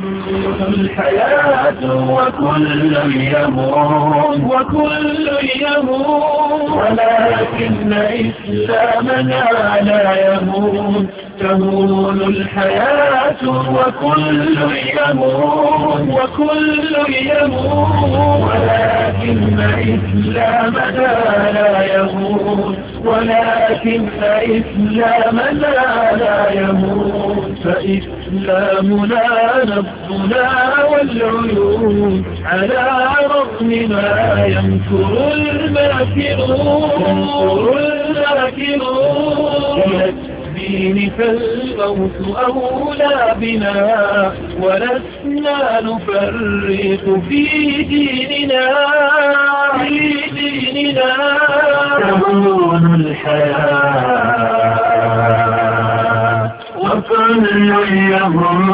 Thank you. الحياة وكل يموت وكل يموت ولكن إسلامنا لا يموت تهون الحياة وكل يموت وكل يموت ولكن إسلامنا لا يموت ولكن إسلامنا لا يموت فإسلامنا نبضنا والعيون على رغم ما يمكر الماكرون يمكر الماكرون الدين فالموت أولى بنا ولسنا نفرق في ديننا في ديننا تهون الحياة وكل يهون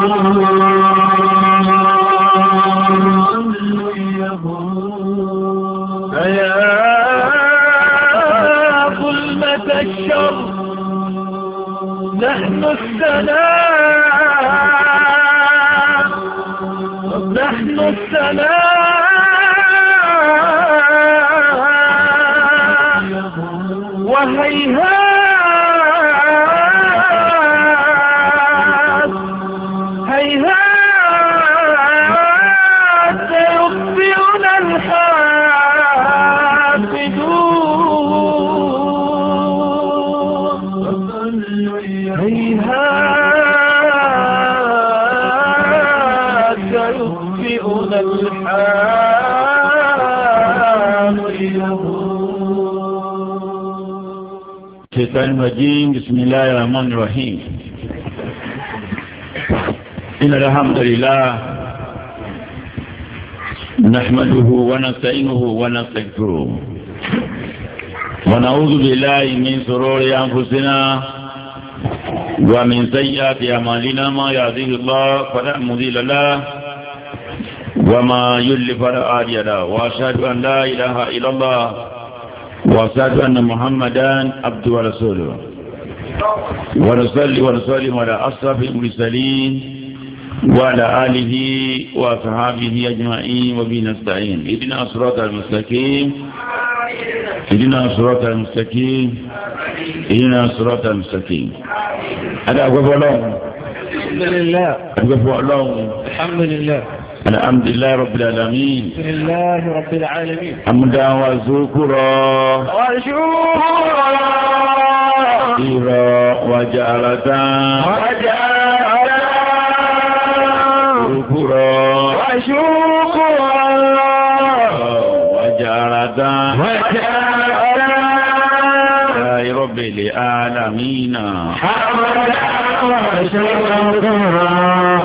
الشر نحن السلام نحن السلام وهيهات الشيطان الرجيم بسم الله الرحمن الرحيم إن الحمد لله نحمده ونستعينه ونستغفره ونعوذ بالله من شرور أنفسنا ومن سيئات أعمالنا ما يهديه الله فلا مضل له وما يضلل فلا هادي له وأشهد أن لا إله إلا الله وأشهد أن محمدا عبده ورسوله ونصلي ونسلم على أشرف المرسلين وعلى آله وأصحابه أجمعين وبه نستعين اهدنا الصراط المستقيم اهدنا الصراط المستقيم اهدنا الصراط المستقيم أنا أقف لهم الحمد لله أقف لهم الحمد لله الحمد لله رب العالمين لله رب العالمين حمدا وشكرا وشكرا إذا وجعلتا وجعلتا شكرا وشكرا وجعلتا وجعلتا لله رب العالمين حمدا وشكرا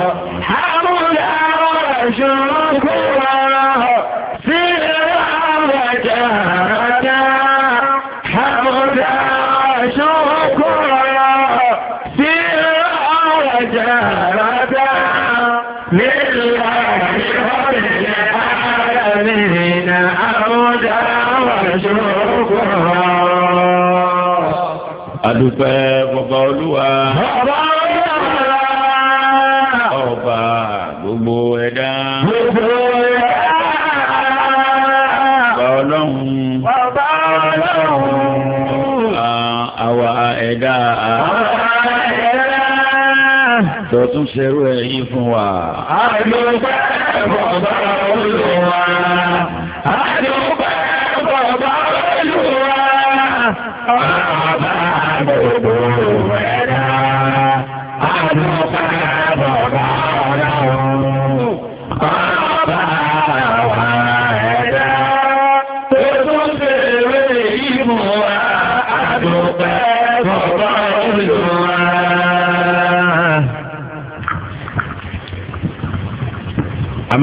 dúpẹ́ bàbá olúwa. bàbá olúwa. ọba gbogbo ẹ̀dá. gbogbo ẹ̀dá. bàbá ọlọ́run. bàbá ọlọ́run. àwa ẹ̀dá. tọ́tún ṣerú ẹ̀yìn fún wa. àdúgbò bàbá olúwa. àdúgbò.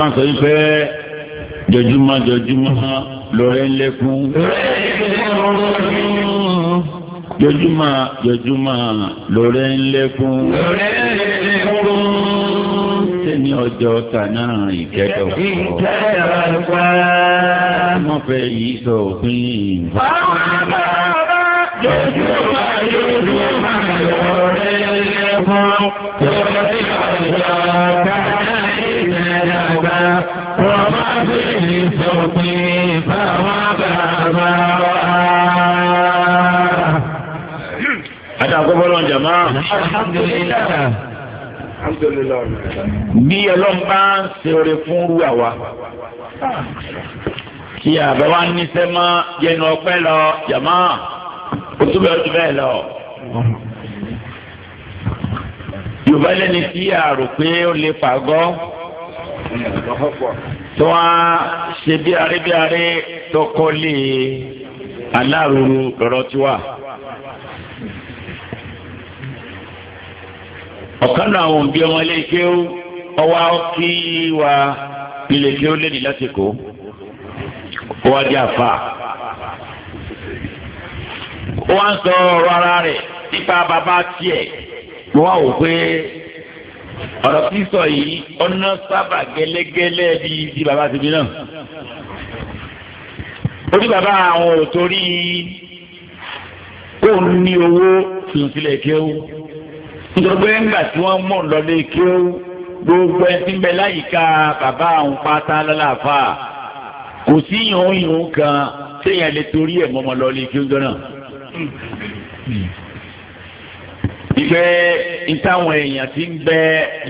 ń sọ yín pé jọjúmọ́ jọjúmọ́ lórí ń lékún. jọjúmọ́ jọjúmọ́ lórí ń lékún. Sẹ́ni ọjọ́ kaná ìkẹ́dọ̀ pọ̀. fẹ́ yìí sọ òfin. Báwọn jọjúmọ́ jọjúmọ́ lórí ń lékún bá wọ́n má fi lè sọ̀pin báwọn bàbá wa. Adé àkọ́kọ́ náà jàmá. Alhamdulilayi. Alhamdulilayi. Bí ọlọ́run bá ń ṣe oore fún rú àwa kí àbẹ̀ wa ní sẹ́mọ́ yẹnu ọpẹ́ lọ yàmá o tún o tún lọ. Yorùbá lẹ́ni tí a rò pé ó lè fàgọ́ tó wá ṣe bí arébíaré tó kọ́lé alárùrù lọ́rọ́ tí wà. ọ̀kan náà àwọn òbí ọmọ ilé ike ó ọwá kí wa ilé ike ó lédi ó wá jẹ́ àfa. ó wá ń sọ ọ̀rọ̀ ara rẹ̀ nípa bàbá tiẹ̀ wọ́n wò pé ọ̀rọ̀ sísọ yìí ọ̀nà sábà gẹ́lẹ́gẹ́lẹ́ bí ti bàbá tèmi náà. orí bàbá àwọn ò torí kó ní owó tún sílẹ̀ kéwú. nítorí pé ńgbà tí wọ́n mọ̀ lọ́lé kéwú gbogbo ẹ ti ń bẹ láyìíká bàbá àwọn pátá lálàáfà kò sí yòóyòó kan téèyàn lè torí ẹ̀ mọ́mọ́ lọ́lé kéwú jọ ìgbẹ́ ìtàwọn èèyàn ti ń bẹ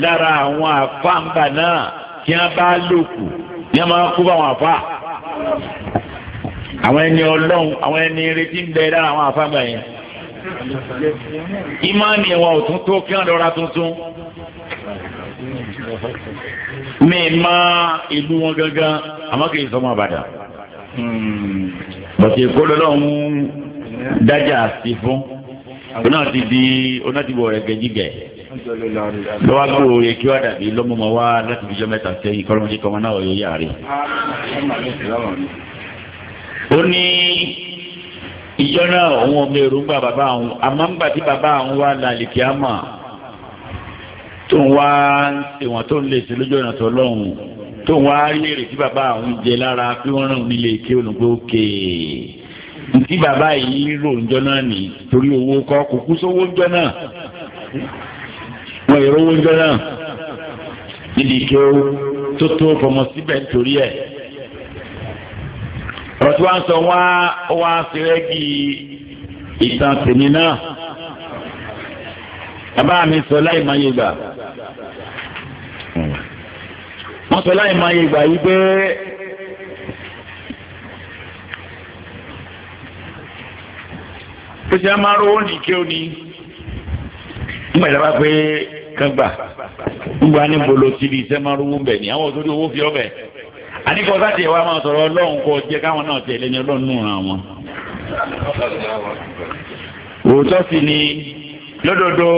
lára àwọn àfáǹgbà náà kí wọ́n bá lòkù ní wọ́n máa kó bá àwọn àfá àwọn ẹni ọlọ́run àwọn ẹni retí ń bẹ lára àwọn àfáǹgbà yẹn ìmánì wọn ò tún tó kí wọ́n lọ́ra tuntun mi ma ìlú wọn gangan àmọ́ kì í sọmọ àbàdàn hmm. bọ̀sẹ̀ kó lọ́lọ́run dájà sí fún òun náà ti di òun náà ti wọ ẹgbẹ jígẹ lọ́wọ́ gbòòrò yẹ kí wàá dàbí lọ́mọọmọ wá láti fi jọ mẹ́ta sẹ́yìn kọ́lọ́mọdé kọ́mọ náà yóò yára rẹ̀. ó ní ìjọ náà òun ọmọ èròǹgbà bàbá àwọn àmọ́ ńgbà tí bàbá àwọn wà lálẹ́ kí á tó ń wá ìwọ̀n tó ń lè ṣe lójú ọ̀nà tó lọ́hùn tó ń wá rí èrè tí bàbá àwọn jẹ lára pé wọ́n ràn nílé kí olùgbò kéè ntí bàbá yìí rò ńjọ náà nì torí owó kọ́ kò kú sówó ńjọ náà wọ́n ìrówó ńjọ náà níbi ìké tó tó fọmọ síbẹ̀ nítorí ẹ̀ ọ̀rọ̀ tí sọ wá wá sẹ́rẹ́gì ìtàn tèmi náà bàbá mi sọ láì máa yé gbà wọ́n sọ láì máa yé gbà yí pé. ó sì máa ń rówó ní ike òní ń bẹ̀rẹ̀ bá pé kẹgbà ń gba bolo tí ibi iṣẹ́ máa ń ni àwọn òṣèlú owó fi ọbẹ̀ àníkọ́ sáti ẹ̀wá máa sọ̀rọ̀ ọlọ́run kọ jẹ́ káwọn náà tẹ̀lé ní ọlọ́run nù ra wọn. òótọ́ sì ni lódodo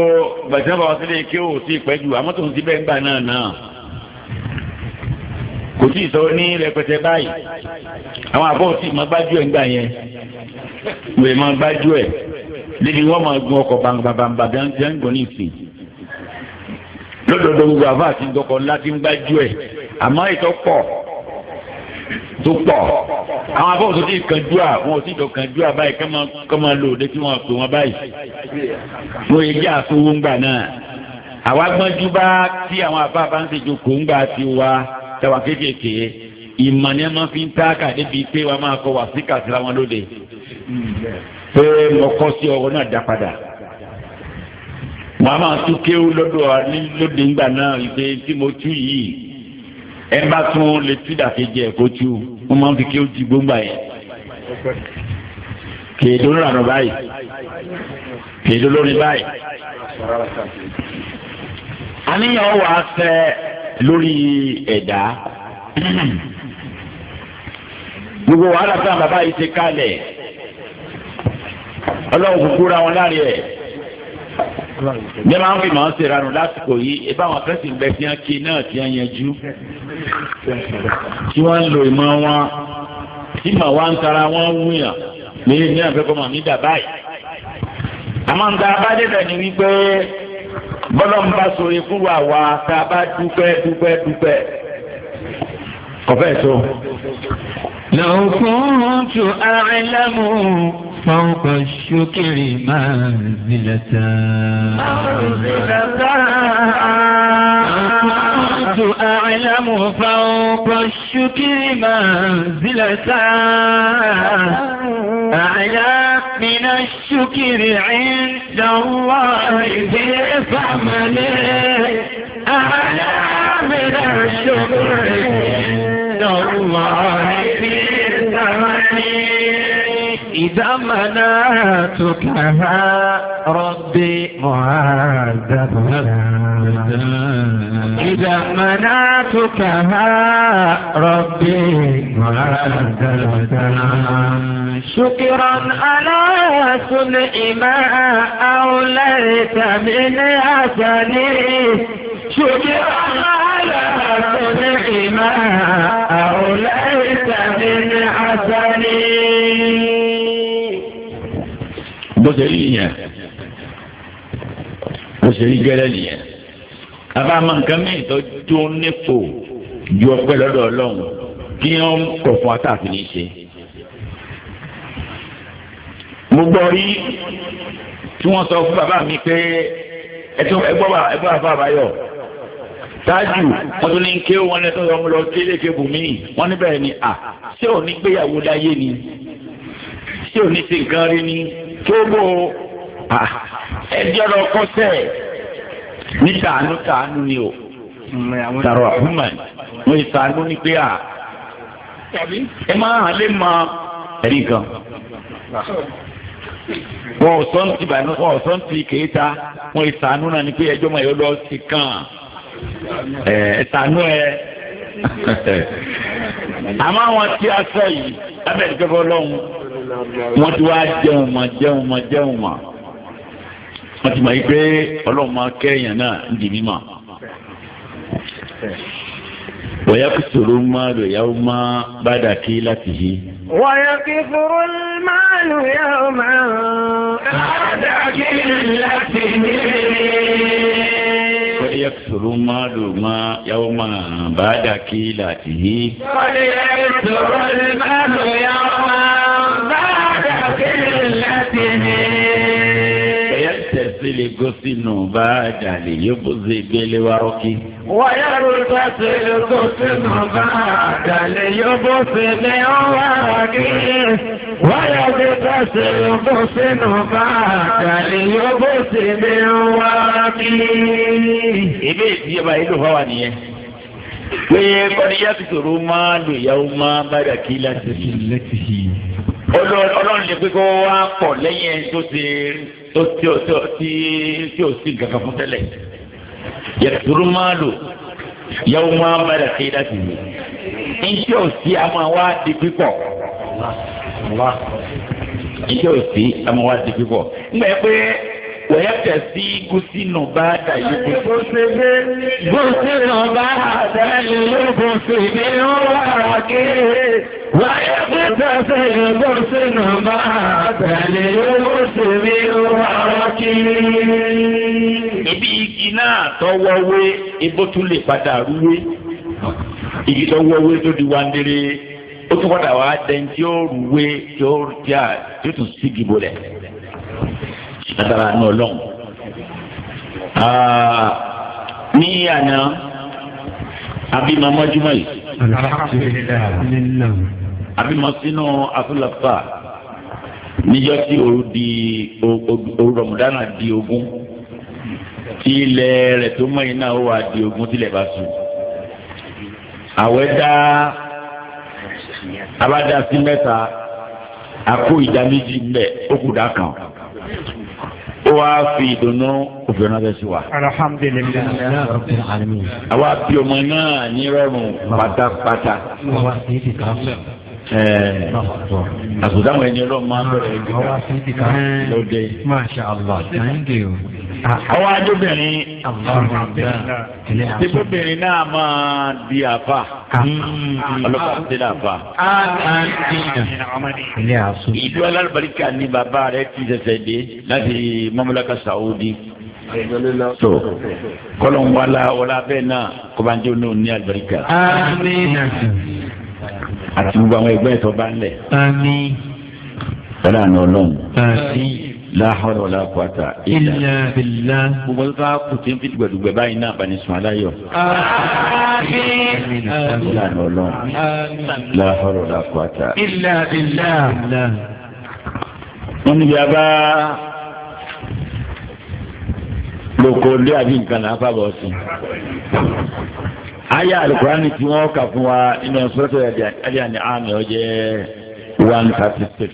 gbàtí wọn bá wọn sílé kí o sì pẹ́ jù àmọ́ tó ń ti bẹ́ẹ̀ ń gbà náà náà kò tí ì sọ ní rẹpẹtẹ báyìí àwọn àbọ̀ tí mo gbájú ẹ̀ ń gbà yẹn wèé máa gbájú ẹ̀ lébi wọ́n máa gun ọkọ̀ bàǹbàǹbà dáńgọ́ ní ìsìn lọ́dọọdọ gbogbo àfa àti dọkọ̀ ńlá ti ń gbájú ẹ̀ àmọ́ ètò pọ̀ tó pọ̀ àwọn afọ́ òsòtí ìkànjú à wọn ò sì jọ kànjú à báyìí kọ́ máa lò dé tí wọ́n pè wọ́n báyìí wọ́n yẹ jẹ́ àfowó ńgbà náà àwa gbọ́njú bá tí àwọn afá bá ń ṣèjokò ńgbà ti wa tàwa kéékèèké ìmọ̀ ni wọ́n fi ń tá kàdébi pé wọ́n máa kọ wàsíkà síra wọn lóde pé mo kọ́ sí ọwọ́ náà dá padà màá máa tún kéwú lọ́dọ̀ lóde ńgbà náà ìpè tí mo tú yìí ẹ bá tún lè tú dàkejì ẹ̀ kó tú wọ́n máa ń fi kéwú di gbóngbà yẹn kèédó lànà báyìí kèédó lórí báyìí àníyàn wà fẹ́ lórí ẹ̀dá gbogbo wàhálà fún àwọn bàbá yìí ti kalẹ̀ ọlọ́run kúkú ra wọn láre ẹ̀ bí wọ́n máa ń fi màá ṣe ranù lásìkò yìí ẹ bá wọn fẹ́sìn bẹ tí wọ́n ké náà tí wọ́n yanjú tí wọ́n ń lo ìmọ̀ wọn tí màá wá ń tara wọn wúyàn ní ní àfẹ́kọ́ màmí dà báyìí. àmọ́ ń abájẹ́bẹ̀ ni wípé bọ́lọ́ ń bá so tá a bá dúpẹ́ dúpẹ́ dúpẹ́ kọfẹ́ tó. لو كنت أعلم فوق الشكر منزلة كنت أعلم فوق الشكر منزلة أعلى من الشكر عند الله في فعمله أعلى من الشكر عند الله في ثمنه إذا منعتكها ربي معذبها إذا منعتكها ربي معذبها شكرا على صنع ما أوليت من أسني شكرا على صنع ما أوليت من أسني bó ṣe rí nìyẹn bó ṣe rí gẹ́lẹ́ nìyẹn abáàmọ̀ nǹkan mìíràn tó dún nípò ju ọpẹ́ lọ́dọ̀ ọlọ́run kí wọ́n kọ̀ fún atáàfi ní í ṣe. mo gbọ́ rí tí wọ́n sọ fún bàbá mi pé ẹgbọ́n bàbá àbáyọ̀ ṣáájú wọ́n tún ní ké wọn lẹ́tọ́ ọmọ lọ sí ilé ìkébù mi wọ́n ni à ṣé ò ní gbéyàwó láyé ni ṣé ò ní ṣe nǹkan rí ni. tóbó ah. ẹjọ́ lọ kọ́sẹ̀ ní tàánú tàánú ni o mm, tàrọ̀ àhúmà wọ́n yìí tàánú ni pé a ẹ máa hàn lé mọ ẹ̀rí kan wọn ò ti bàánú wọn ò ti kéétà wọn yìí tàánú náà pé ẹjọ lọ kàn tàánú wọ́n ti wá jẹun mọ̀ jẹun mọ̀ jẹun mọ̀ wọ́n ti mọ̀ yí pé ọlọ́run máa kẹ́yìn náà ń di mímọ̀ wọ́yá kùsùrù máàlù yàwó máa bá dàkí láti yí. wọ́yá kùsùrù máàlù yàwó máa bá dàkí láti yí. wọ́yá kùsùrù máàlù yàwó máa bá dàkí láti yí. wọ́yá kùsùrù máàlù yàwó gosinu bá jàlè yóbóse gbélé wárọ́kí. wáyàrú tẹ̀sí gosinu bá jàlè yóbóse lé wárọ́kí. wáyàrú tẹ̀sí gosinu bá jàlè yóbóse lé wárọ́kí. ìbí ìdíyẹ̀bá yìí ló fà wà nìyẹn pé kọ́ni yàtúntò ló máa lò yàwó máa bá dàkí láti ọlọ́run lè pé kó wá pọ̀ lẹ́yìn ẹni tó ti tó tí ó tí ó tí tí ó sì gàgà fún tẹ́lẹ̀ yẹtùrú máa lò yàwó máa ń bára ṣe láti yìí ntí ó sì a máa wá di pípọ̀ ntí ó sì a máa wá di pípọ̀ ngbà yẹ pé wòye kẹsí gúsínù bá dà yìí kú. gúsínù bá dà yìí kú sí ní wàrà kéé. Wáyé pípẹ́ sí ìgbọ́ sínú máa tẹ̀lé owó sí mi wárọ́ kiri. Ibi igi náà tọwọ́wé ebó tún lè padà rúwé. Igi tọwọ́wé tó di wandere ó tún padà wá dẹ́n tí ó rúwé tí ó jà tí ó tún sígi bolẹ̀. Látara náà ọlọ́run. Ah, ní àná, àbí màmá Júmọ̀ yìí alhamdulilayi àbí mo sínú afúlàfà níjọ́ tí òru di òru rọmọdánà di ogún tí ilẹ̀ rẹ̀ tó mọ̀ iná ó wà di ogún tí ilẹ̀ bá sùn àwẹ̀ dá abádá sí mẹ́ta àkó ìdá méjì mbẹ́ ó kù dá kan ó wá fi ìdùnnú òfin ránṣẹ́ sí wa. alhamdulilayi Awa alamin. àwa bí ọmọ náà ní rọrùn pátápátá. Eh, àgùdáwọn ẹni ọlọ́run máa ń bẹ̀rẹ̀ ẹgbẹ́ kan lóde. Masha Allah thank you. àwọn ah, ah. adóbìnrin títóbìnrin náà máa di àfà ah. hmm. ọlọ́pàá ti di àfà. ìlú alárùbáríkà ni bàbá rẹ̀ ti ṣẹ̀ṣẹ̀ dé láti mamlaka Saudi so kọlọ̀ ń wá la wọlé abẹ́ náà kọ́bánjọ́ náà ní àlùbáríkà àti gbogbo àwọn ẹgbẹ́ tó bá ń lẹ̀. àmín. wọ́n lànà ọlọ́run. àmín. láhọ́rọ̀ làkúrátà. ilà bìlà. gbogbo tó bá kù tí ń fi dùgbẹ̀dùgbẹ̀ báyìí náà bá ní sùn aláyọ̀. àmín. wọ́n lànà ọlọ́run. àmín. láhọ́rọ̀ làkúrátà. ilà bìlà. wọ́n níbi abá lóko lé àbí nǹkan náà fábọ̀ sí aya alukurani tí wọ́n kà fún wa nínú sọ́tọ̀ ẹ̀díyà ní àmì ọ̀jẹ́ one thirty six.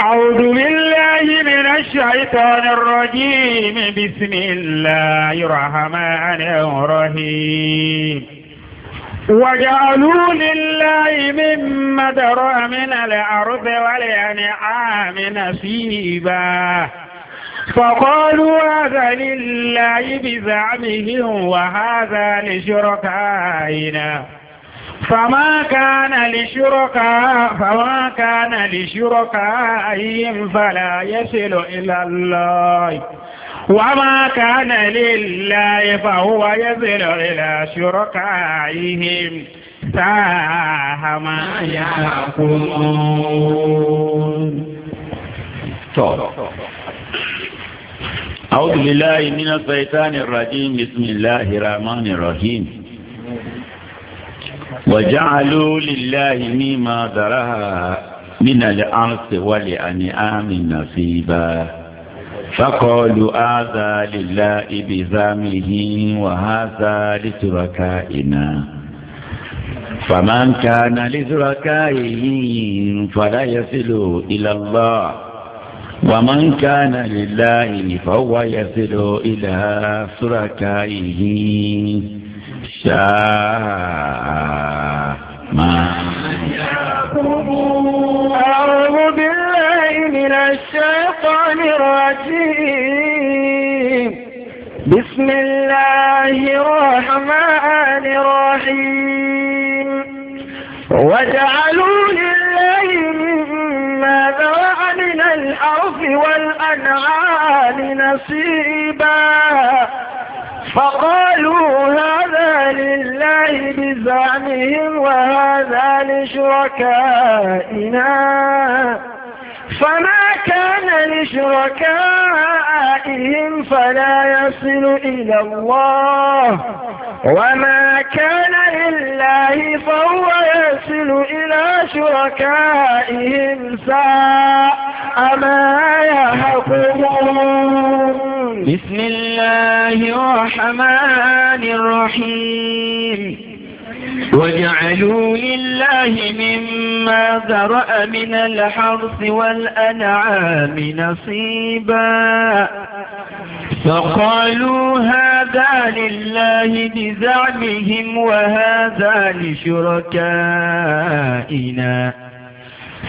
أعوذ بالله من الشيطان الرجيم بسم الله الرحمن الرحيم وجعلوا لله مما درى من الأرض والأنعام نصيبا فقالوا هذا لله بزعمهم وهذا لشركائنا فما كان لشركاء فما كان لشركائهم فلا يصل إلى الله وما كان لله فهو يصل إلى شركائهم ساء ما يحكمون أعوذ بالله من الشيطان الرجيم بسم الله الرحمن الرحيم وجعلوا لله مما ذرها من الأرض ولأنعام نصيبا فقالوا هذا لله بزامه وهذا لشركائنا فمن كان لشركائه فلا يصل إلى الله ومن كان لله فهو يصل إلى شركائه شاء ما أعوذ بالله من الشيطان الرجيم بسم الله الرحمن الرحيم وجعلوا لله وذرأ من الأرض والأنعام نصيبا فقالوا هذا لله بزعمهم وهذا لشركائنا فما كان لشركائهم فلا يصل إلى الله وما كان لله فهو يصل إلى شركائهم ساء ما يحكمون بسم الله الرحمن الرحيم وجعلوا لله مما ذرأ من الحرث والأنعام نصيبا فقالوا هذا لله بزعمهم وهذا لشركائنا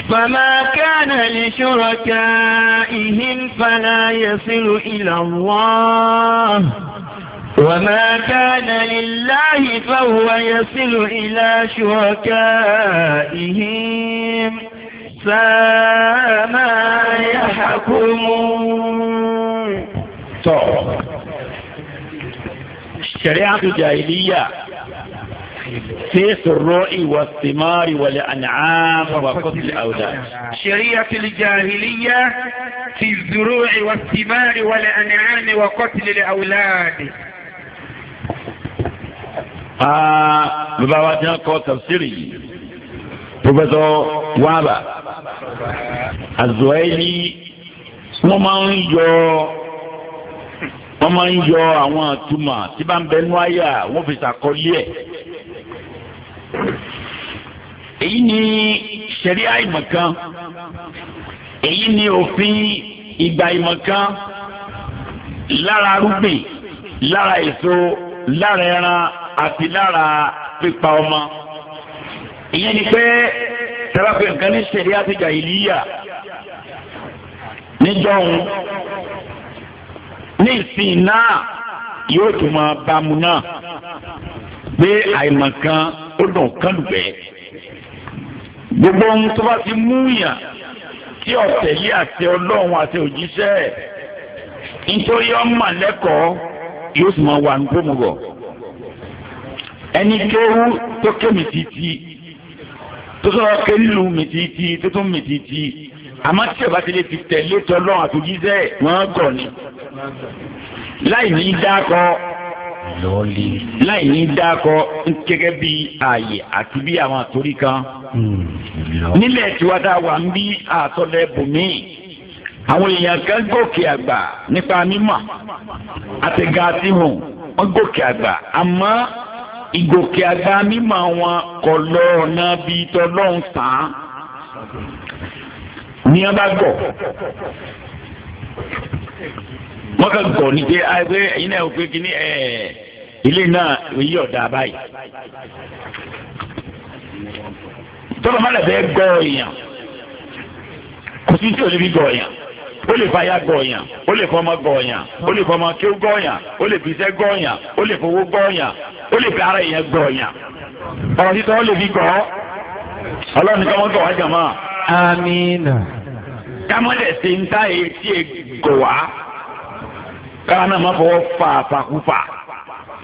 فما كان لشركائهم فلا يصل إلى الله وما كان لله فهو يصل إلى شركائهم ساء ما يحكمون الشريعة الجاهلية في الرؤي والثمار والأنعام وقتل الأولاد شريعة الجاهلية في الزروع والثمار والأنعام وقتل الأولاد bàbá wa ti ń kọ́ tafsiri yìí pọfẹsọ wàbà azuwaili wọ́n máa ń yọ wọ́n máa ń yọ àwọn àtúmọ̀ tí bá ń bẹ nú àyà wọ́n fi ṣàkọlé ẹ̀ èyí ni ṣẹ̀ríà ìmọ̀kan èyí ni òfin ìgbà ìmọ̀kan lára arúgbìn lára èso lára ẹran àti lára pípa ọmọ. ìyẹn ni pé tẹ́lápẹ́ nǹkan ní sẹ̀ríà ti jàhílíyà níjọ́hun ní ìsìn náà yóò tún máa bá mu náà pé àìmọ̀kan ó dùn kálùbẹ́. gbogbo ohun tó bá ti mú yàn tí ọ̀tẹ̀ yìí àti ọlọ́run àti òjíṣẹ́ nítorí ọmọ lẹ́kọ̀ọ́ yóò sì máa wà ní ẹni kéwú tó ké mi títí tó sọ̀rọ̀ ké nílùú mi títí tó tún mi títí àmọ́ tí ìbá ti lè fi tẹ̀lé tọ́lọ́ àtòjíṣẹ́ wọn gọ̀ ni láì ní dákọ láì ní dákọ gẹ́gẹ́ bí ààyè àti bí àwọn àtòrí kan nílẹ̀ tiwa tá a wà ń bí àtọ́lẹ̀ bùnmí àwọn èèyàn kan gòkè àgbà nípa mímọ̀ àtẹ̀gà àti hùn wọ́n gòkè àgbà àmọ́ ìgòkè àgbà mímọ̀ wọn kọ lọ ọ̀nà bíi tọ́lọ́hún tán ní wọn bá gbọ́ wọn kà gbọ́ ní pé ẹgbẹ́ ẹ̀yin náà pé kí ni ilé náà èyí ọ̀dà báyìí tọ́lọ́ má lẹ̀ fẹ́ gbọ́ èèyàn kò sí tí ò lè fi gbọ́ èèyàn ó lè fàyà gọ̀ọ̀yàn ó lè fọmọ gọ̀ọ̀yàn ó lè fọmọ kí ó gọ̀ọ̀yàn lè fisẹ́ gọ̀ọ̀yàn ó lè fowó gọ̀ọ̀yàn ó lè fi ara yẹn gbọ̀ yàn ọ̀rọ̀ títọ́ ó lè fi gbọ́ ọlọ́run ní kọ́mọ́tò wá jàmá. amiina. kámọ́dé ṣe ń ta èyí tí e gò wá káwọn náà má fọwọ́ fà fàkúfà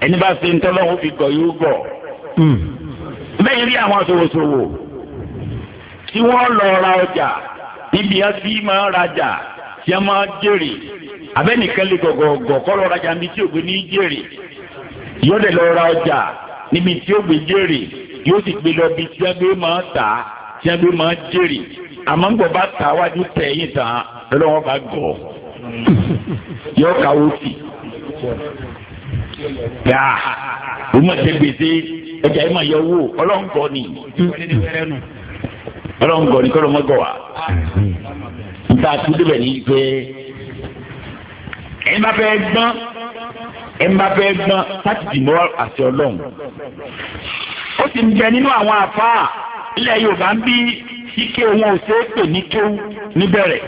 ẹni bá ṣe ń tọ́lọ́ ó fi gbọ̀ yóò gbọ̀. Hmm. bẹ́ẹ̀ rí àwọn aṣòwòṣòwò tí wọ́n lọ ra ọjà níbi ẹbí máa rajà tí a máa jèrè abẹ́nìkan lè gọ̀gọ̀gọ̀ kọ́ lọ rajà níbi tí ògbé ní jèrè yóò dẹ̀ lọ ra ọjà níbi tí ó gbé jèrè yóò sì gbé lọ bí tí wọ́n gbé máa tà á tí wọ́n gbé máa jèrè àmọ́ ń gbọ́ bá tà wájú tẹ̀yìn tán lọ́wọ́ bá gọ̀ yóò ka ó sì. yàà ó mọ̀ ṣe gbèsè ọjà yìí mà yọ owó ọlọ́ǹgọ̀ ni ọlọ́ǹgọ̀ ni kọ́lọ́ mọ́gọ̀ wa. nta tún débẹ̀ ní pé ẹ bá fẹ́ gbọ́n ẹ ń bá fẹ́ gbọ́n láti dìbò àti ọlọ́run. ó sì ń jẹ nínú àwọn àfáà ilẹ̀ yorùbá ń bí ike wọn ò ṣeé pè ní kéwú níbẹ̀rẹ̀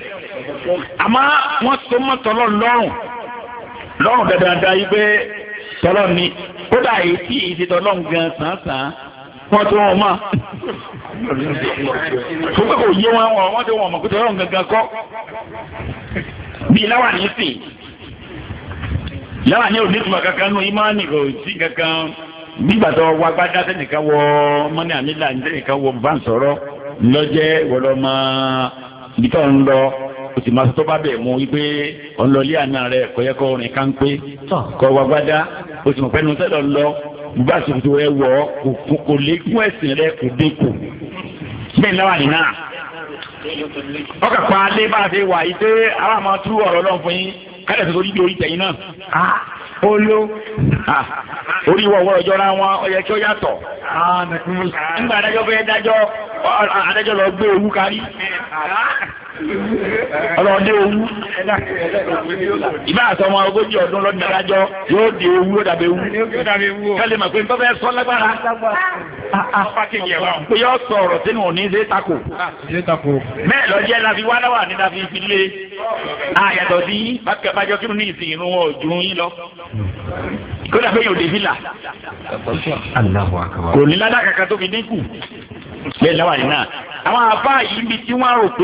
àmọ́ wọ́n so mọ́ tọ́lọ́ lọ́rùn lọ́rùn dandandan yìí pé tọ́lọ́ ni kódà èyí tí ìṣe tọ́lọ́ gan sàn-sàn wọ́n tó wọn mọ́ tó pé kò yé wọn wọ́n tó wọn mọ̀ kó tọ́lọ́ gangan kọ́ bí láwà nísìnyí yàrá yẹn ò ní tuma kankan nù imáni kò sí kankan nígbà tó wá gbádá sẹ́nìkan wọ mọ́ni àmìlà sẹ́nìkan wọ bá ń sọ̀rọ̀ lọ́jẹ́ wọlọ́mọ níta ń lọ o sì máa tó bá bẹ̀ mú wípé ọ̀nlọ́lé àná rẹ̀ kọ́yẹ́ kọ́ orin kan pé kọ́ wá gbádá o sì mọ̀ pẹ́nu sẹ́dọ̀ lọ bá sòkòtò rẹ wọ̀ kò lé kún ẹ̀sìn rẹ kò dé kù bẹ́ẹ̀ náà wà nínú náà. ọkà pa alẹ́ bá a ṣe wà yìí pé ara máa tú ọrọ lọ́n fún yín kálẹ̀ tó sórí orí tẹ̀yìn náà. ó ah, ló ah, orí ìwọ ọwọ́ ọjọ́ ra wọn ó yẹ kí ó yàtọ̀. Ah, nígbà adájọ́ fẹ́ dájọ́ adájọ́ lọ gbé ewu kárí. ọlọ́dẹ owú ìbá àtọmọ ogójì ọdún lọ́dún adájọ́ yóò di owú ó dàbí owú kálí mà pé n bábẹ́ sọ lágbára pé yọ sọ ọ̀rọ̀ sínú òní ṣe tako bẹ́ẹ̀ lọ́jẹ́ la fi wá láwà ní la fi fi lé àyàtọ̀ sí bájọ́ kírun ní ìsìn irun ọ̀jú yín lọ kódà pé yóò dé fìlà kò ní ládàá kankan tó fi dínkù bẹ́ẹ̀ láwà ní náà àwọn àbá yìí níbi tí wọ́n rò pé.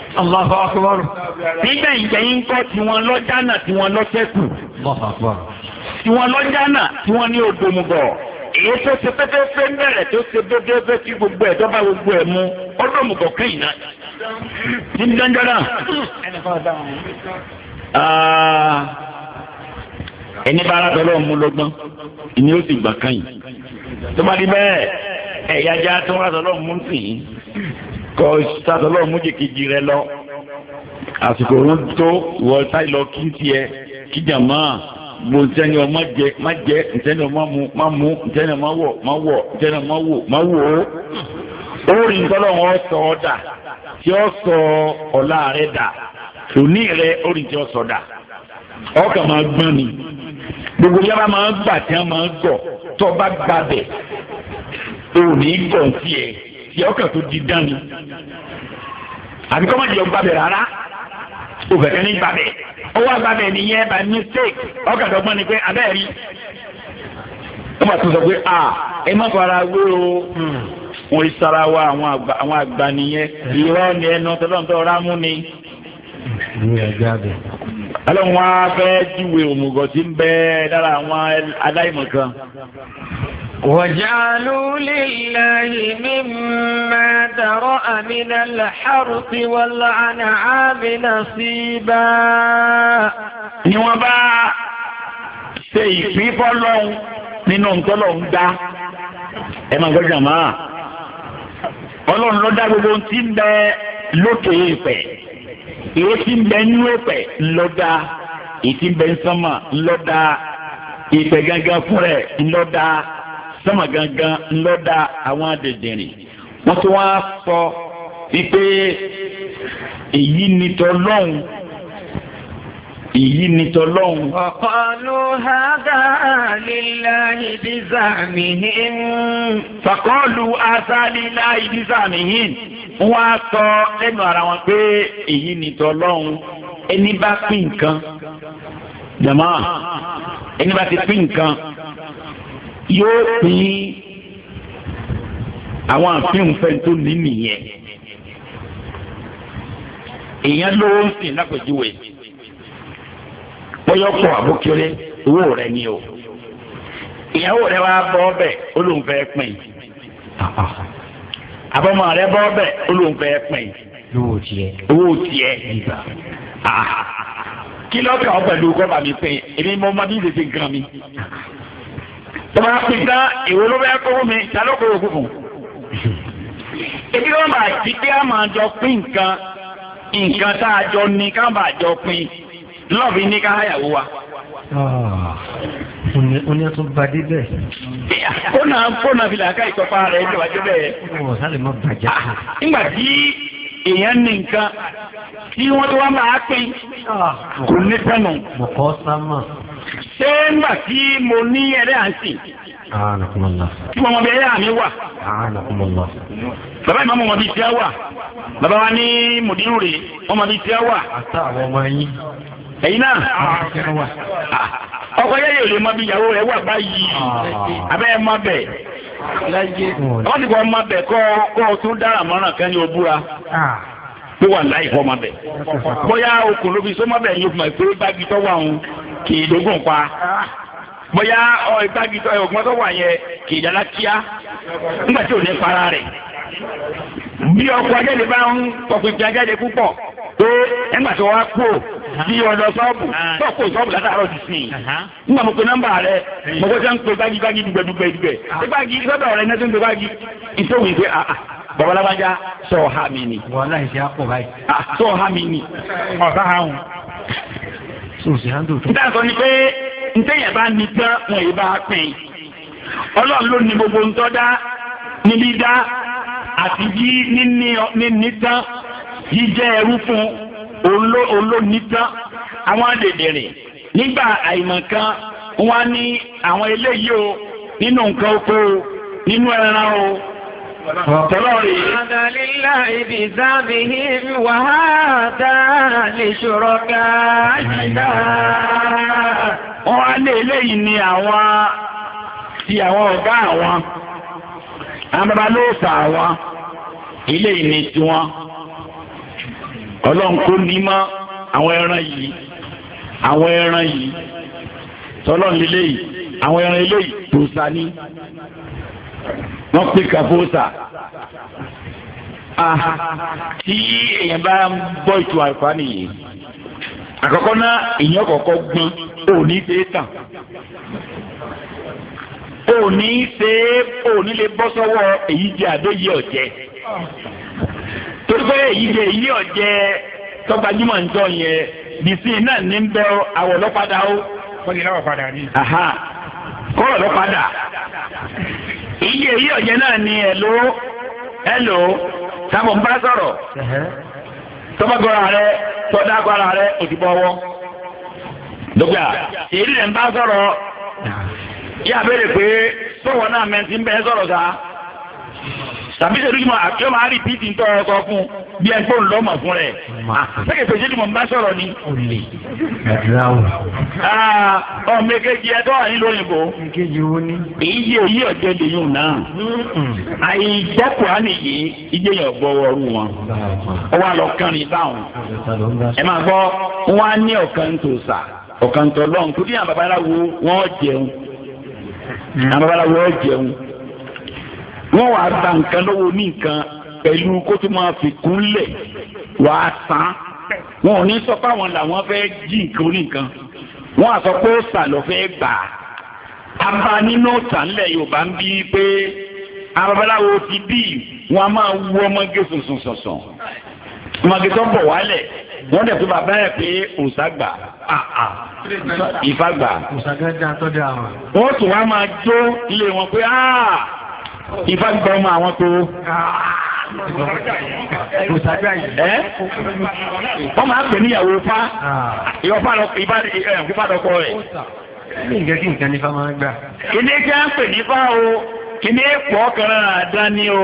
Allahu akbar. Nígbà ìgbẹ̀yìn kọ́ tiwọn lọ́jánà tiwọn lọ́sẹ̀kù. Tiwọn lọ́jánà tiwọn ní odòmùgọ̀. Èyí tó ṣe pẹ́pẹ́pẹ́ ń bẹ̀rẹ̀ tó ṣe déédéé tí gbogbo ẹ̀ dọ́gba gbogbo ẹ̀ mu ọdọ̀mùgọ̀ kẹ́yìn náà. Ní dandan náà. Ah, ẹni bá arábẹ́ lọ́wọ́ mú lọ́gbọ́n, ìní ó sì gbà kẹ́yìn. Tó bá di bẹ́ẹ̀, ẹ̀yà ajá tó ń rà sọ́lọ́ mú sí i kọ sàtọ́lọ́ mújèkejì rẹ lọ àsìkò òun tó wọ táyì lọ kí tiẹ̀ kí jàmá gbòǹtẹ́ni ọ má jẹ má jẹ ntẹ́ni ọ má mu má mu ntẹ́ni ọ má wọ̀ má wọ̀ ntẹ́ni ọ má wò má wò ó orí ntọ́lọ́ wọn sọ ọ dà tí ó sọ ọ̀la rẹ dà òní rẹ orí tí ó sọ dà ọkà máa gbọ́n ni gbogbo yàrá máa gbà tí wọ́n máa gọ̀ tọ́ bá gbà bẹ̀ òní gọ̀ tiẹ̀ tí ọkàn tó di dán ni àbí kọ́ mọ̀jẹ̀ ọgbà bẹ̀ rárá òfẹ̀kẹ́ ní gbàbẹ̀ ọwọ́ àgbàbẹ̀ nìyẹn by mistake ọkàn dọ́gbọ́n ni pé abẹ́ẹ̀rí wọ́n bá tún sọ pé a ẹ má fara wé o hmm. wọ́n sara wa àwọn àgbà nìyẹn irọ́ ni ẹnu tọ́lọ́ntọ́ rámú ni ọlọ́run a fẹ́ júwe òmùgọ̀ tí ń bẹ lára àwọn aláìmọ̀ kan وجعلوا لله مما ذرأ من الحرث والأنعام نصيبا ni wọ́n bá ṣe ìpín fọ́lọ́run nínú ntọ́lọ́run dá ẹ máa gbọ́dọ̀ máa ọlọ́run ló dá gbogbo ohun tí ń bẹ lókè ìpẹ́ èyí tí ń bẹ ní òpẹ́ ńlọ́dá èyí tí ń bẹ ń sánmà ńlọ́dá ìpẹ́ gángan fún rẹ̀ ńlọ́dá sánmà gangan ńlọ́dà àwọn adẹ̀dẹ̀rìn wọ́n tún wá sọ wípé èyí ni tọ́lọ́hún èyí ni tọlọ́hún. ọ̀kọ́lù hàdà líláhi bísàmìhìn. fàkọ́lù àṣà líláhi bísàmìhìn. wọ́n á sọ lẹ́nu ara wọn pé èyí ni tọlọ́hún ẹni bá pín nǹkan. jàmá ẹni bá ti pín nǹkan yóò pín àwọn àfihàn fẹ́ tó ní nìyẹn èèyàn lówó ń sìn lápèjúwe bóyá ọkọ̀ àbókéré owó rẹ ni o ìyàwó rẹ wá bọ́ ọbẹ̀ olóńfẹ́ pín àbọ̀mọ rẹ bọ́ ọbẹ̀ olóńfẹ́ pín owó tiẹ̀ owó tiẹ̀ kí lọ́kàn pẹ̀lú kọ́ba mi pín èmi mo máa bí ìdèdè gan mi. ọ bá fi tán èwo ló bẹ́ẹ̀ kó mi fún ebi wọn bá pé a máa jọ pín nǹkan nǹkan tá a jọ ní ká bá jọ pín lọ́ọ̀bì ah, ní ká wa. Oní ẹtún ba dé na Kónà kónà fi làákà ìtọ́pá rẹ̀ ẹjọ́ ah, Nígbà tí èèyàn ní nǹkan tí ti wá máa pín ah, kò ní Mọ̀kọ́ sá mọ̀. ṣé Mba tí mo ní ẹ̀rẹ́ à kí wọ́n mọ bí ẹ̀rẹ́ àmì wà. bàbá ìmọ̀ mọ̀ bí wà bàbá wa ní mòdìrú rè wà. ẹ̀yin náà ah, ọkọ yẹ́yẹ́ ò lè mọ bí ìyàwó rẹ̀ wà báyìí ah. abẹ́ ẹ̀ mọ bẹ̀ wọ́n ti kọ́ ọmọ bẹ̀ kọ́ ọ tún dára mọ́ràn kan o búra ah. pé wà láì fọ́ ọmọ bẹ̀ bóyá ló fi sọ́mọ́ bẹ̀ yóò fún ẹ pé tọ́ wà ń. kì í dógùn pa bóyá ọ ìgbági tó ọgbọ́n tó wà yẹn kì í dára kíá nígbà tí ò ní para rẹ̀ bí ọkọ̀ ajáde bá ń pọ̀pìpì ajáde púpọ̀ pé ẹgbà tó wá kú bí ọ̀dọ̀ sọ́ọ̀bù tọ́kù sọ́ọ̀bù látàárọ̀ ti sìn nígbà mo pe nọ́mbà rẹ mo kọ́ sẹ́ ń pe gbági gbági dùgbẹ̀ dùgbẹ̀ dùgbẹ̀ gbági sọ́dọ̀ rẹ ní ẹsẹ̀ ń pe gbági ìṣòwò ìṣe àà babalábájá sọ ọ̀há mi ni. wàhálà ìṣe àpò báyìí. sọ ọ̀há mi ni. ọ̀sán àrùn sòsì handle tó. nígbà tó ni pé ntẹ̀yẹ̀ bá ní tán wọn yìí bá pín ọlọ́run ló ní gbogbo ntọ́ dá níbí dá àti yí níní tán jíjẹ́ ẹrú fún olóní tán àwọn àdèdèrè nígbà àìmọ̀kan wọn ní àwọn eléyìí o nínú nǹkan oko o nínú ẹran o. هذا لله بذابهم وهذا لشركائنا wọ́n á lé eléyìí ní àwọn ti àwọn ọ̀gá àwọn àwọn babalóòsà àwọn eléyìí ní tiwọn ọlọ́run kò ní mọ́ àwọn ẹran yìí àwọn ẹran yìí tọ́lọ́run eléyìí àwọn ẹran eléyìí tó sa ní. wọ́n pè kàfóòsà tí èèyàn bá ń bọ́ ìtú àìfà nìyí àkọ́kọ́ náà èèyàn kọ̀ọ̀kan gbọ́n ò ní ṣe é tàn ò ní ṣe é ní lè bọ́ sọ́wọ́ èyí àdó àdóyè ọ̀jẹ́ èyí jẹ èyí ọ̀jẹ́ ń tọ́ yẹn náà ní àwọ̀ ó. iye eyi ọ̀jẹ̀ náà ni elo ẹ̀lò sábọ̀ ń bá sọ̀rọ̀ tọ́gbàgbọ́ra rẹ tọ́dàgbọ́ra rẹ òdìbọ̀ ọwọ́ dọ́gba èyí rẹ̀ ń bá sọ̀rọ̀ yíyá béèrè pé sọ̀wọ́ náà mẹ́tí ń bẹ́ẹ̀ sọ̀rọ̀ sáà. tàbí ṣe lójúmọ́ àti ọmọ àárí pìtì ń tọrọ ọkọ fún bí ẹ gbóhùn lọ́mọ̀ fún rẹ sẹ́kẹ̀ tó ṣe ni mo bá sọ̀rọ̀ ni. ọmọ èkejì ẹ wà nílò òyìnbó. èkejì wo ni. èyí yé náà. yẹn wọn. báwọn. ẹ máa wọn á ní sà wọ́n wàá ta nǹkan lọ́wọ́ ní nǹkan pẹ̀lú kó tó máa fi kúnlẹ̀ wàá san wọn ò ní sọ pé àwọn làwọn fẹ́ jí nǹkan oníkan wọ́n á sọ pé ó sà lọ fẹ́ gbà á abá nínú tàǹlẹ̀ Yorùbá ń bí pé ababaláwo ti bí wọn a máa wú ọmọge sùnsùn sọ̀sọ̀ ọmọge tó bọ̀ wálẹ̀ wọ́n dẹ̀ tó bàbá yẹ pé òòsà gbà àà ìfà ah, ah. gbà. òòsà àwọn. wọ́n tún wá máa jó ilé wọn pé ah, ìfá ń gbọ́ ọmọ àwọn tó. wọ́n máa pè níyàwó fá ìfá lọ́kọ rẹ̀. ní nǹkan kí nǹkan ní fá máa gbà. ilé tí a ń pè ní fá o kìíní pọ̀ kan dáni o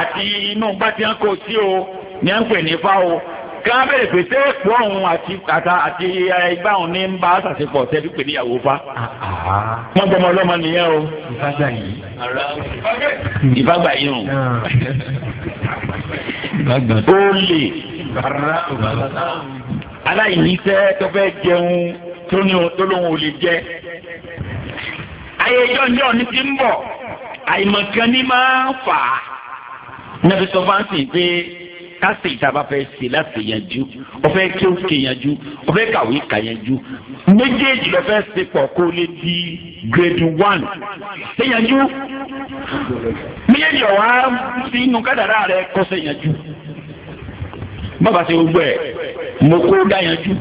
àti inú bá ti ń kó sí o ni a ń pè ní o ẹnìkan á bẹ̀rẹ̀ pé ṣé èpò ọ̀hún àti àtà àti ẹgbẹ́ ọ̀hún ní ń bá àṣàṣepọ̀ tẹ́lú pé níyàwó fa. Ah, ah. wọ́n jẹ́ ọmọ ọlọ́mọ nìyẹn o. ìfagbà yìí. ìfagbà yìí o. ó lè. aláìníṣẹ́ tó fẹ́ jẹun tó ní tó lóun jẹ. ayé jọ́njọ́ ni ti ń bọ̀ àìmọ̀kan ní máa ń fà á. nàbẹ́sọ̀ fáǹsì pé kásì ìtaba fẹ́ ṣe láti yanjú ọfẹ́ kí ó ké yanjú ọfẹ́ kàwé kà yanjú méjèèjì lọ́fẹ́ ṣe pọ̀ kó lè di grade one ṣe yanjú méjèèjì ọ̀wá sí inú kádàrá rẹ kọ́ ṣe yanjú bàbá ṣe gbogbo ẹ̀ mo kó dá yanjú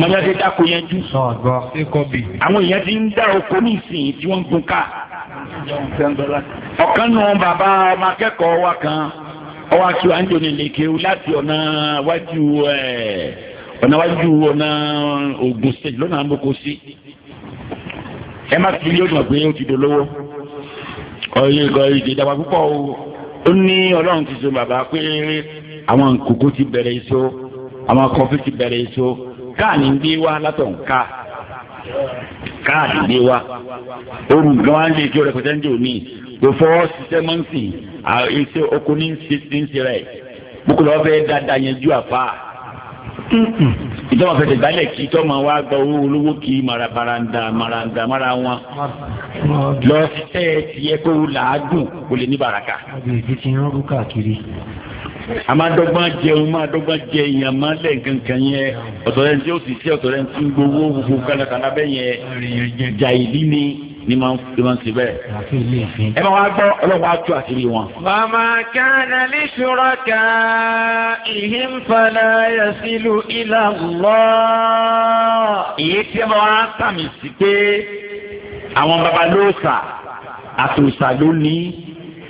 mọ̀lá ṣe dáko yanjú. àwọn èèyàn ti ń dá oko ní ìsìn tí wọ́n ń gun ká ọ̀kan nù bàbá ọmọ akẹ́kọ̀ọ́ wa kan. ọwọ́ aṣọ anjoni lèkè láti ọ̀nà wájú ọ̀nà wájú ọ̀nà Ògùn stage lọ́nà àmọ́kò sí ẹ má fi yóò dùn pé ó ti dolówó ọ̀yẹ́ ìgbà ìdè púpọ̀ o ó ní ọlọ́run ti bàbá pé àwọn kòkó ti bẹ̀rẹ̀ èso àwọn kọfí ti bẹ̀rẹ̀ èso káàní Before fọwọ́ ṣiṣẹ́ mọ́ nsì iṣẹ́ oko ní nsì rẹ̀ bukulu ọ̀fẹ́ dada yẹn ju àfa ìjọba fẹsẹ̀ gbálẹ̀ kí tọ́ ma wá gba owó olówó kì í mara baranda maranda mara wọn lọ ṣiṣẹ́ tiẹ̀ kó làágùn kò lè ní baraka. a máa dọ́gbọ́n jẹun máa dọ́gbọ́n jẹ èèyàn máa lẹ̀ kankan yẹn ọ̀tọ̀rẹ́ ní tí ó sì ṣe ọ̀tọ̀rẹ́ ní tí ń gbowó gbogbo kálákálá bẹ́ẹ̀ yẹn jà ìdí ni ni máa ń máa si ṣe bẹ́ẹ̀. ẹ máa wá gbọ́ ọlọ́run á tú àṣírí wọn. màmá kánà lè ṣòro ká ìhín fana yasilu ilà lọ. ìyé tí ẹ máa wá sàmì sí pé àwọn babalóòṣà àtòṣà ló ní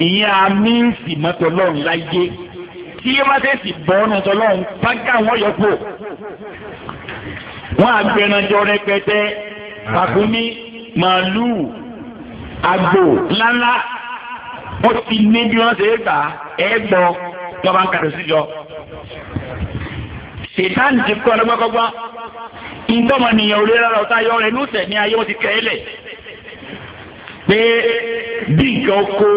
ìyẹn àmì ìsìmọ́tò ọlọ́run láyé tí yé má tẹ̀sí bọ́ ọ̀nà tọ́lọ́run bá gà wọ́n yọ pò. wọ́n àgbẹ̀rànjọ rẹpẹtẹ pàkúmí màálùú Agbo, ńláńlá ó ti ní bí wọ́n ṣe é gbà ẹ gbọ́ tó bá ń kàdé síjọ. sètáàni ti kọ́ ọlọ́gbọ́kọ́gbọ́ ìtọ́mọnìyàn ò lè rárá ọ̀tá yọ rẹ̀ lóṣẹ̀ ní ayé wọn ti kẹ́ ẹ lẹ̀ pé bí nǹkan oko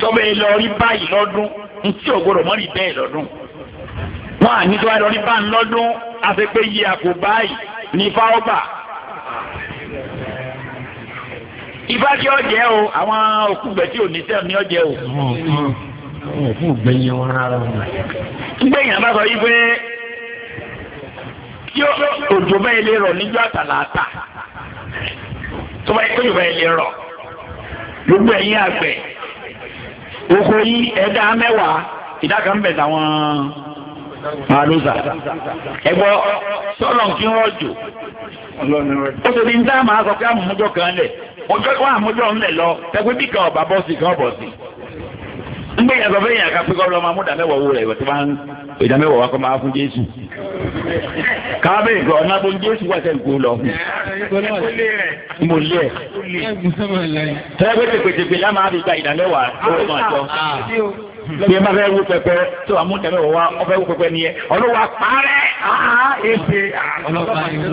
tọ́bẹ̀ lọ rí báyìí lọ́dún ntí ògbọ́dọ̀ mọ́ rí bẹ́ẹ̀ lọ́dún wọn à ní tọ́wá lọ rí báyìí lọ́dún àti pé yí àpò báyìí ní fáwọ́ gbà ibà kí ọjẹ o àwọn òkúgbẹ tí ò ní sẹ́wọ̀n ní ọjẹ o. àwọn òkú wọn rárá sọ yí pé tí òjò bá ilé rọ̀ níjọ́ àtàlàtà tó bá yẹ kó òjò bá gbogbo àgbẹ̀ oko ẹ̀dá mẹ́wàá bẹ̀ táwọn kí kan ojú wọn àmójọ ńlẹ lọ tẹgbẹ bí kan ọba bọ́ọ̀sì kan bọ́ọ̀sì ńgbé yàtọ̀ fẹ́ yàn ká pé kọ́ lọ́mọ amúdà mẹ́wàá owó rẹ̀ ìwà tó bá ń ìdá mẹ́wàá wá kọ́ máa fún Jésù kábẹ́ ìgbà ọ̀nà tó ń Jésù wà sẹ́yìn kú lọ. mo lé ẹ tẹ́lẹ̀ pẹ́tẹ́pẹ́tẹ́pẹ́ lá máa fi gba ìdá mẹ́wàá owó máa jọ bí ẹ bá fẹ́ wú pẹpẹ tó amúdà mẹ́wàá wá ọ fẹ́ wú pẹpẹ nìyẹn ọlọ́wà parẹ́ ẹ̀ẹ́dẹ̀ ọlọ́pàá ìwọ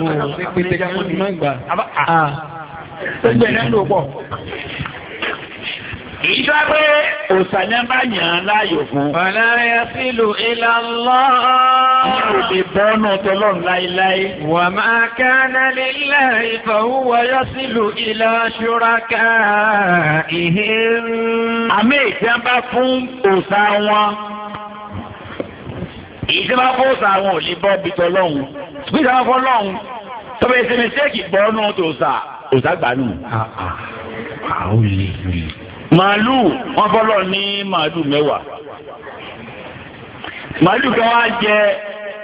gbogbo ẹ̀ lẹ́nu pọ̀. Ìjọ pé òsàlẹ̀ bá yàn án láàyò fún. Ọ̀la ya sílù ilà lọ́. Ìyá òde bọ́ọ̀nù tọ́lọ́run láéláé. Wà máa ká nálé láì fọwọ́ yọ sílù ilà ṣúraká ìhé. Àmì ìjọba fún òsà wọn. Ìjọba fún òsà wọn ò lè bọ́ bitọ́ lọ́hùn. Bí ìjọba fún lọ́hùn, tọ́bẹ̀ ìsinmi ṣéèkì bọ́ọ̀nù tòsà òsàgbàánu. màálù wọn bọ́lọ̀ ní màálù mẹ́wàá màálù kan wá jẹ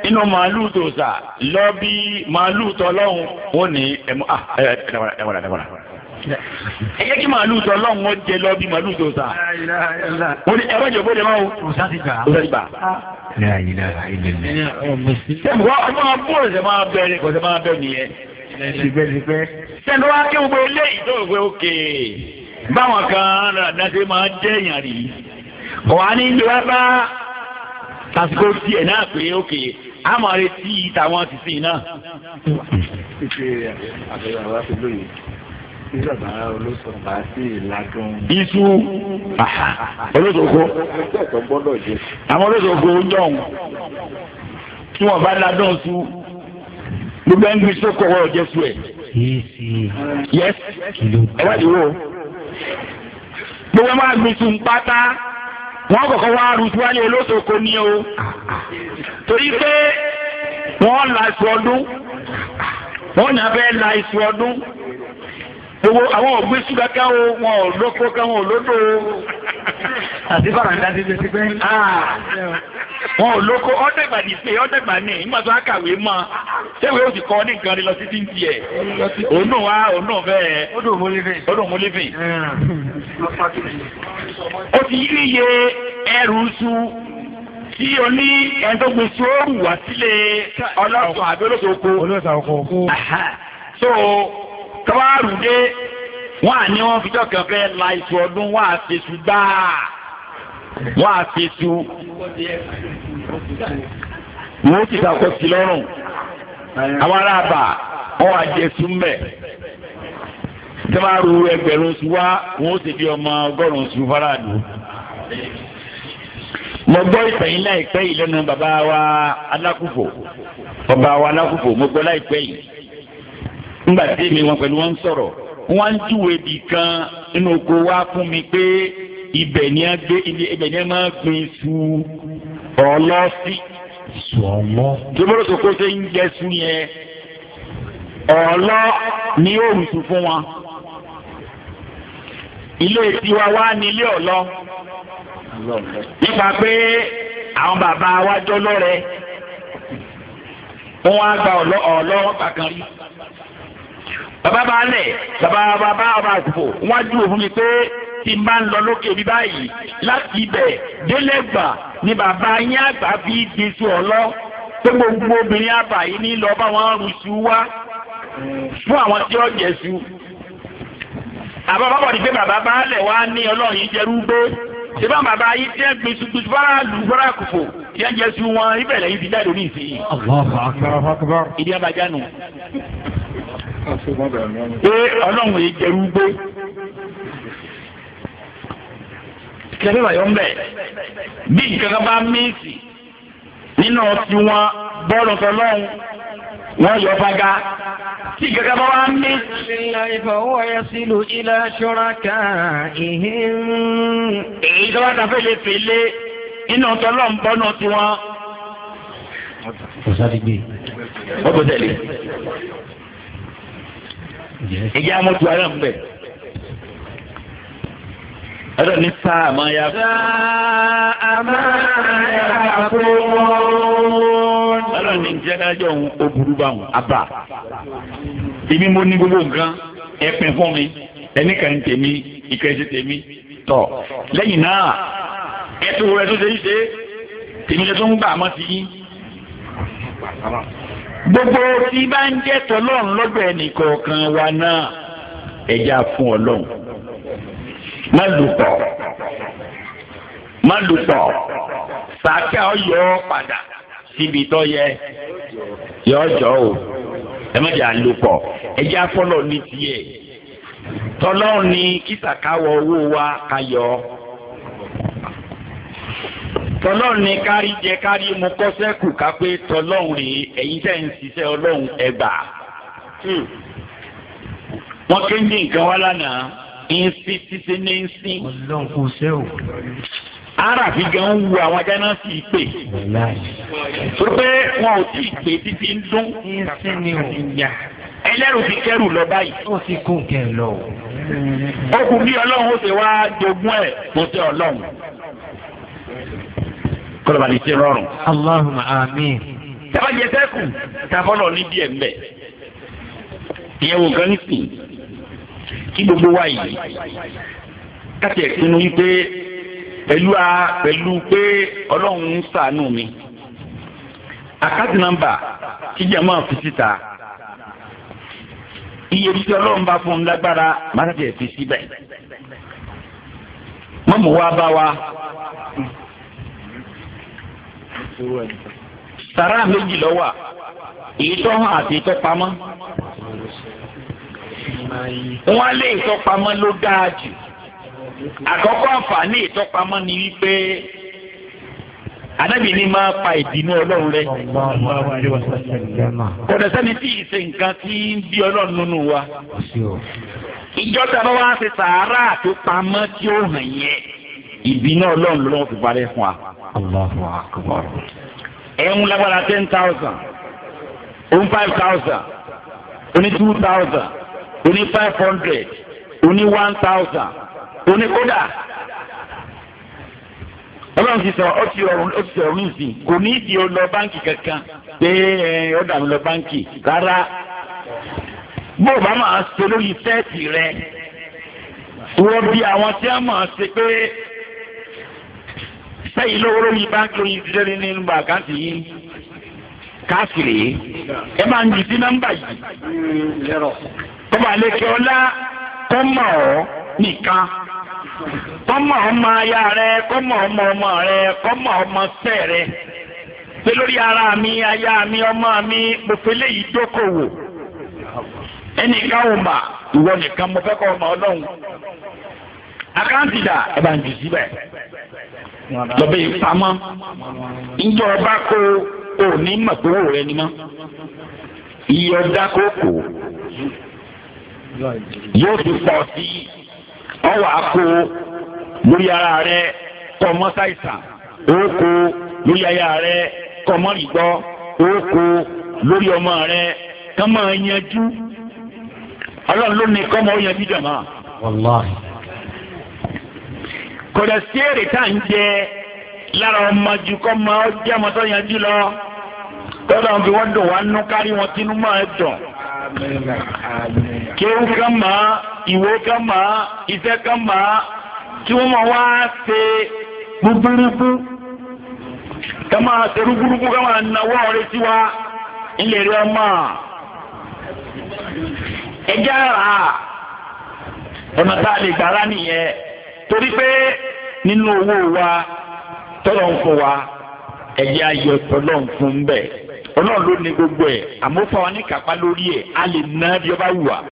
inú màálù tòṣà lọ bí màálù tọlọ́hún ó ní ẹ̀mọ́ ẹ̀wọ̀n ẹ̀wọ̀n ẹ jẹ́ kí màálù tọ́ lọ́hùn ó jẹ lọ bí màálù tó sá. mo ní ẹ̀rọ ìjọba òde máa o. o sá ti gbà. o sá ti gbà. sẹ́mi wọ́n máa bó ọ̀sẹ̀ máa bẹ́ẹ̀ ni ọ̀sẹ̀ máa bẹ́ẹ̀ nìyẹn síbẹ̀síbẹ̀. sẹ́ni wá kí gbogbo eléyìí tó gbé òkè báwọn kan ràdásí máa jẹ́ èèyàn rí wàá ní ìlú ẹ̀fá tàsíkò tiẹ̀ náà pé òkè àmọ́ retí tàwọn tìsín náà. Isu olóṣogbo àwọn olóṣogbo ń dọ̀hún tí wọ́n bá ládùn sùn gbogbo ẹni bí sọkọ wọ ọjọ sí ẹ. yẹs ẹ wá ìwọ gbogbo máa gbin sun pátá wọn kọ́kọ́ wá arúgbó wálé olóṣòkò ní o torí pé wọn la ìṣù ọdún wọn nà bẹ la ìṣù ọdún gbogbo àwọn ọ̀gbìn ṣúgà káwọn wọn ò lóko káwọn ò lódò àti fàràǹdà ti ti pẹ́. wọn ò lóko ọ̀dẹ̀gbà ah. ní pé ọ̀dẹ̀gbà ní nígbà tó kàwé mọ́ ṣéwèé ó ti kọ́ ní nǹkan rí lọ sí ti tiẹ̀ òun náà wá òun náà bẹ́ẹ̀ ọdún òmólífìn. ó ti yí iye ẹrù su tí o ní ẹ̀ẹ́dọ́gbìn tí ó wá sílé ọlọ́sùn àbí olóṣogbo. olóṣogbo. so tọ́wárù dé wọ́n à ní wọ́n fijọ́ kan la iṣu ọdún wọ́n à fi iṣu gbáà wọ́n à fi iṣu wọ́n ti ta kọ́ sí lọ́rùn àwọn aráàbà wọ́n à jẹ súnbẹ̀ tọ́wárù ẹgbẹ̀rún iṣu wá wọ́n ti di ọmọ ọgọ́rùn-ún iṣu faraàdù mo gbọ́ ìtẹ̀yìn láìpẹ́ yìí lẹ́nu bàbá wa alákùfò bàbá wa alákùfò mo gbọ́ láìpẹ́ yìí ńgbà tí èmi wọn pẹ̀lú wọn ń sọ̀rọ̀ wọ́n ń júwe bì kan inú oko wá fún mi pé ibẹ̀ ni a gbé ibẹ̀ ni a máa gbin su ọlọ́sí. su ọlọ́. tí bọ́lá tó kó ṣe ń jẹ su yẹn ọlọ́ ni o rùsùn fún wọn. ilé tiwa wá ní ilé ọlọ́. nípa pé àwọn bàbá wa jọ lọ́rẹ̀ẹ́ wọ́n gba ọlọ́ ọlọ́ bàkan rí bàbá bá lẹ̀ bàbá bàbá ọba àsìkò wọ́n á dúró fún mi pé tí n bá ń lọ lókè mi báyìí láti ibẹ̀ délẹ́gbà ni bàbá yín àgbà fi gbèsè ọ̀lọ́ pé gbogbo obìnrin àbà yìí ní lọ bá wọn rùsù wá fún àwọn tí ó jẹ̀sù. àbábọ̀ ni pé bàbá bá lẹ̀ wá ní ọlọ́run yìí jẹ́rú gbé ṣùgbọ́n bàbá yìí tẹ́ gbèsè gbèsè fara lù fara kòfò tí wọ́n wọn ibẹ̀ lẹ́yìn ti jáde ní ìsìn ìdí abajá pé ọlọ́run yìí jẹrú gbé kẹfẹ́ bàyọ̀ ń bẹ̀ bí nǹkan bá míìsì nínú ọtí wọn bọ́ọ̀lù tọ́lọ́run wọ́n yọ faga tí nǹkan bá wá míìsì. ìfọwọ́ yẹ sílu ilé aṣọra kan ìhín. èyí tó bá ta fẹ́ lè fèlé nínú tọ́lọ́run bọ́ọ̀lù tiwọn. ọ̀sán ti gbé. ọ̀bọ̀tẹ̀lẹ̀ ìjà amọ̀tò ara ń bẹ̀. ọ̀dọ̀ ní sáà máa ya. sáà máa ya kó wọ́n. ní jẹ́nájọ́ òun ó burú bá wọn abà. èmi mo ní gbogbo nǹkan ẹ fún mi ẹnì kan ń tèmi ìkẹsì tèmi tọ̀ lẹ́yìn náà ẹ tó rẹ tó ṣe é ṣe tèmi lẹ tó ń gbà mọ́ ti yín gbogbo tí bá ń jẹ́ tọ́lọ́run lọ́dọ̀ ẹnìkọ̀ọ̀kan wa náà ẹja fún ọlọ́run má lùpọ̀ má lùpọ̀ sàkà ọyọ padà síbi tó yẹ yọ jọ o ẹ má jẹ́ àlùpọ̀ ẹja fọlọ́ ní tiẹ̀ tọ́lọ́run ni kí sàkà wọ owó wa ká ọ́ tọlọ́run ni kárí jẹ kárí mu kọ́sẹ́kù ká pé tọlọ́run rèé ẹ̀yin tẹ̀ ń ṣiṣẹ́ ọlọ́run ẹgbà. Hmm. wọ́n kéńdé nǹkan wá lánàá ń sí títí ní ń sí. ọlọ́run kò sẹ́ o. aráàfin gan ń wu àwọn ajá náà sì pè. pé wọn ò tí ì pè títí ń dún. ń sí ni o ẹlẹ́rù ti kẹ́rù lọ báyìí. ó ti kún kẹ́ lọ. ó kú bí ọlọ́run ó ti wá jogún ẹ̀ kó tẹ ọlọ́run kọlọba ní ṣe rọrùn. Allahumma àmín. sábà jẹ sẹ́kù tábọ́lọ̀ ní díẹ̀ mbẹ́ ìyẹn wò gan nísìn kí gbogbo wa yìí káti ẹ̀sìnú yìí pé pẹ̀lú a pẹ̀lú pé ọlọ́run ń ṣàánú mi àkáàtì nọ́mbà kíjà máa fi síta iye tí ọlọ́run bá fún un lágbára má káti ẹ̀ fi síbẹ̀ mọ́mú wa bá wa. sàrà méjì ló èyí tó hàn àti tó pamọ́ wọ́n lé ló dáa jù àkọ́kọ́ àǹfààní ni wípé anábì ma pa ìdínú ọlọ́run rẹ. kọ̀dọ̀ sẹ́ni tí nǹkan tí ń wa. ìjọ tí a bá wá ṣe sàárà tó ìbínú ọlọ́run ló lọ́wọ́ fi parẹ́ fún wa. Allahu akbar. ẹ̀hún lágbára ten thousand òun five thousand òní two thousand òní five hundred òní one thousand òní kódà ọlọ́run ti sọ ọ ti rọrùn ó ti rọrùn nísìnyí kò ní ìdí ó lọ báǹkì kankan pé ẹ ọ dà mí lọ báǹkì rárá bó o bá máa ṣe lórí sẹ́ẹ̀tì rẹ wọ́n bí àwọn tí a máa ṣe pé sẹ́yìn lówó lórí báńkì lórí ìdílé ní nọ́mbà àkáǹtì yìí káàkiri ẹ máa ń jì sí nọ́mbà yìí. kọ́ba ọ ọlá kọ́ mọ̀ ọ́ nìkan ọmọ aya rẹ kọ́mọ̀ ọmọ ọmọ rẹ kọ́mọ̀ ọmọ sẹ́ rẹ pé lórí ara mi aya mi ọmọ mi mo fi léyìí dókòwò ẹnìkan ò mà ìwọ nìkan mo fẹ́ kọ́ ọmọ àkáǹtì dà ẹ bá ń jù síbẹ̀ yìí pamọ́ ọba kó o ní rẹ ni iye ọjà kó yóò ti pọ̀ sí ọwọ àkó lórí ara rẹ kọmọ ṣàìsàn òkò lórí aya rẹ tọmọ rìgbọ́ òkò lórí ọmọ rẹ tọmọ ló ní kódà sí èrè tá à ń jẹ lára ọmọ jù kọ́ ma ọ jẹ́ ọmọ tó yanjú lọ tọ́lá wọn fi wọ́n dùn wá nú kárí wọn tínú máa dùn. kéwú kan mà á ìwé kan mà á iṣẹ́ kan mà á tí wọ́n máa wá ṣe rúgbúrúgbú ká máa ṣe rúgbúrúgbú ká máa náwó ọ̀rẹ́ sí wa ilé rẹ ọmọ ẹjẹ́ rà ọ̀nà tá a lè gbàrà nìyẹn torí pé nínú owó wa tọ́lọ̀ ń fún wa ẹ̀yẹ ayọ̀ tọ́lọ̀ ń fún bẹ́ẹ̀ ọlọ́run ló ní gbogbo ẹ̀ àmọ́ fáwọn ní lórí ẹ̀ a lè ná bí ọba wù wá.